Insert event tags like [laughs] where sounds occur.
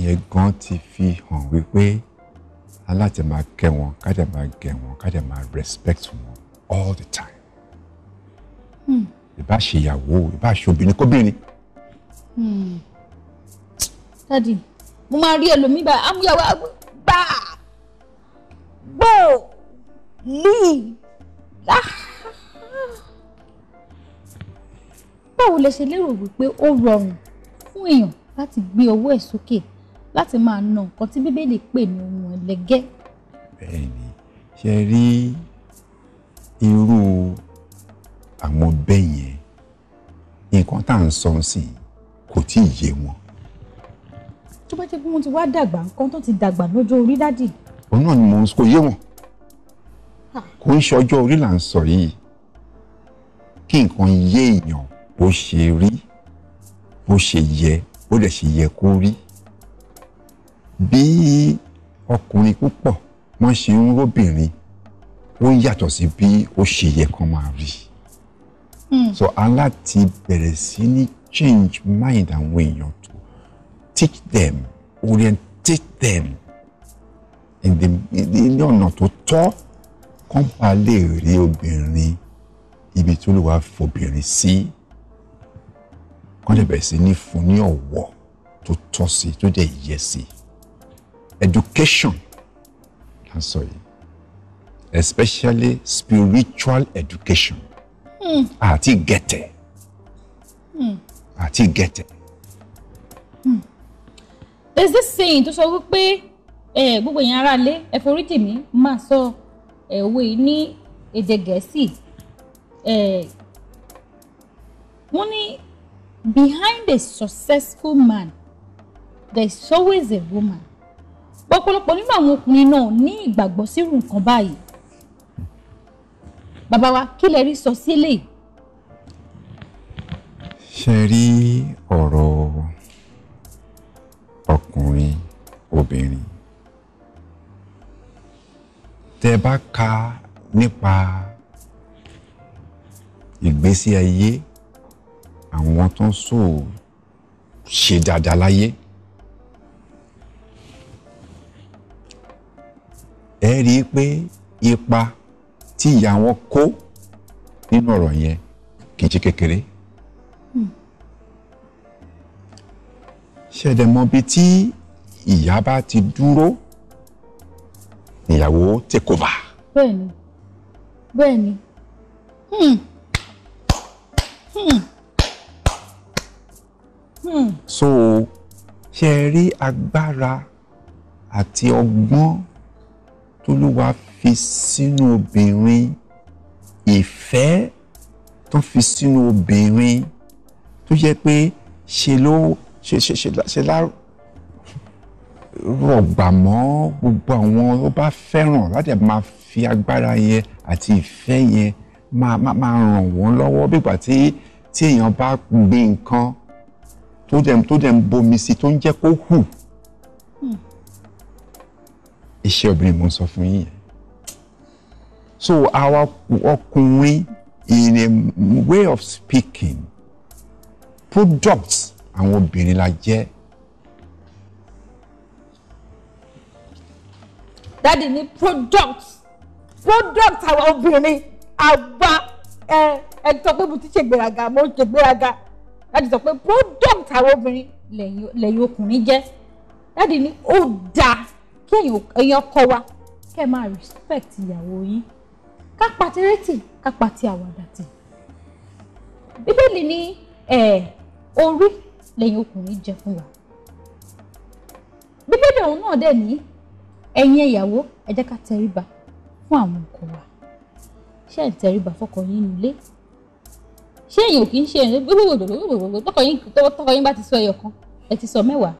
ìyẹn gan ti fi hàn wípé aláti máa kẹ́ wọn ká dẹ̀ máa gẹ̀ wọn ká máa respect wọn all the time. ìbá hmm. ṣe ìyàwó ìbá ṣe obìnrin kóbìnrin. Hmm. dadi mo máa rí ẹlòmíì báyìí amúyàwó gbà gbò líì ah. báwo lẹ ṣe lérò wípé ó rọrùn fún èèyàn láti gbé owó ẹ̀ sókè. Okay láti máa na nǹkan tí bíbélì pè ní ohun ẹlẹgẹ́. bẹ́ẹ̀ni ṣe rí irú àwọn bẹ́ẹ̀ yẹn nǹkan tá à ń sọ sí kò tí ì yé wọn. tó bá jẹ́ pé wọ́n ti wá dàgbà nǹkan tó ti dàgbà lọ́jọ́ orí dádì. òun náà ni mò ń kó yé wọn ah. kò ń ṣe ọjọ́ orí là ń sọ yìí kí nǹkan yé èèyàn bó ṣe rí bó ṣe yẹ bó dẹ̀ ṣe yẹ kó rí bí ọkùnrin púpọ̀ wọ́n ṣe ń róbìnrin ó ń yàtọ̀ sí bí ó ṣe yẹ kán máa rí hmm. so aláti bẹ̀rẹ̀ sí ní change mind àwọn èèyàn tó teach them orientate them in the ní ọ̀nà tó tọ́ kán bá lè rí obìnrin ibi tó lè wá fobìnrin sí kán lè bẹ̀rẹ̀ sí ní fún ní ọ̀wọ̀ tó tọ́ sí tó dẹ̀ yẹ sí education I'm sorry. especially spiritual education hmm. àti mm. gẹ̀tẹ̀ hmm. àti mm. gẹ̀tẹ̀. Mm. there's this saying to sọ wípé gbogbo èèyàn aráalé ẹ forí tèmi máa sọ òwe ní èdè gẹ̀ẹ́sì wọ́n ní behind a successful man there is always a woman ọ̀pọ̀lọpọ̀ nínú àwọn ọkùnrin náà ní ìgbàgbọ́ sírù nǹkan báyìí bàbá wa kí lẹ rí sọ sílẹ̀. ṣe rí ọ̀rọ̀ ọkùnrin obìnrin tẹ bá ka nípa ìgbésí ayé àwọn tó ń sòó ṣe dáadáa láyé. ẹ rí i pé ipa tí ìyá wọn kó nínú ọ̀rọ̀ yẹn kì í ṣe kékeré. ṣẹ̀dẹ̀ mọ bí tí ìyá bá ti dúró ìyàwó take over. bẹ́ẹ̀ni bẹ́ẹ̀ni. Hmm. Hmm. Hmm. so ṣe rí agbára àti ọgbọ́n tólúwa fi sínú obìnrin ìfẹ́ tó fi sínú obìnrin tó yẹ pé ṣe ló ṣe ṣe ṣe ṣe lá rọ̀gbà mọ́ gbogbo àwọn tó bá fẹ́ràn láti máa fi agbára yẹn àti ìfẹ́ yẹn máa máa ràn wọ́n lọ́wọ́ bígbà tí tí èèyàn bá gbin nǹkan tó dẹ̀ tó dẹ̀ ń bomi sí tó ń jẹ́ kó hù. Hmm iṣẹ́ obìnrin mo ń sọ fún yín yẹn so àwa ọkùnrin in a way of speaking products àwọn obìnrin la jẹ́. dáàdi ní product product àwọn obìnrin àwa ẹ ẹ sọ pé mo ti ṣe gbéraga mo ṣe gbéraga dáàdi sọ pé product àwọn obìnrin lẹ́yìn ọkùnrin jẹ́ dáàdi ní ó dáa kí èèyàn kọ́ wa kẹ́ máa respect ìyàwó yín ká pàtí rétí ká pàtí àwàdà tì bíbélì ní orí lẹ́yìn ọkùnrin jẹ fún wa bíbélì ọ̀hún náà dẹ̀ ní ẹ̀yin ìyàwó ẹ jẹ́ ká tẹríba fún àwọn ọkọ wa ṣé ẹ̀ ń tẹríba fọ́kọ yín nílé ṣé èèyàn kì í ṣe ẹ̀ gbogbogbò [laughs] tọkọ yín bá ti sọ ẹyọ kan ẹ ti sọ mẹ́wàá.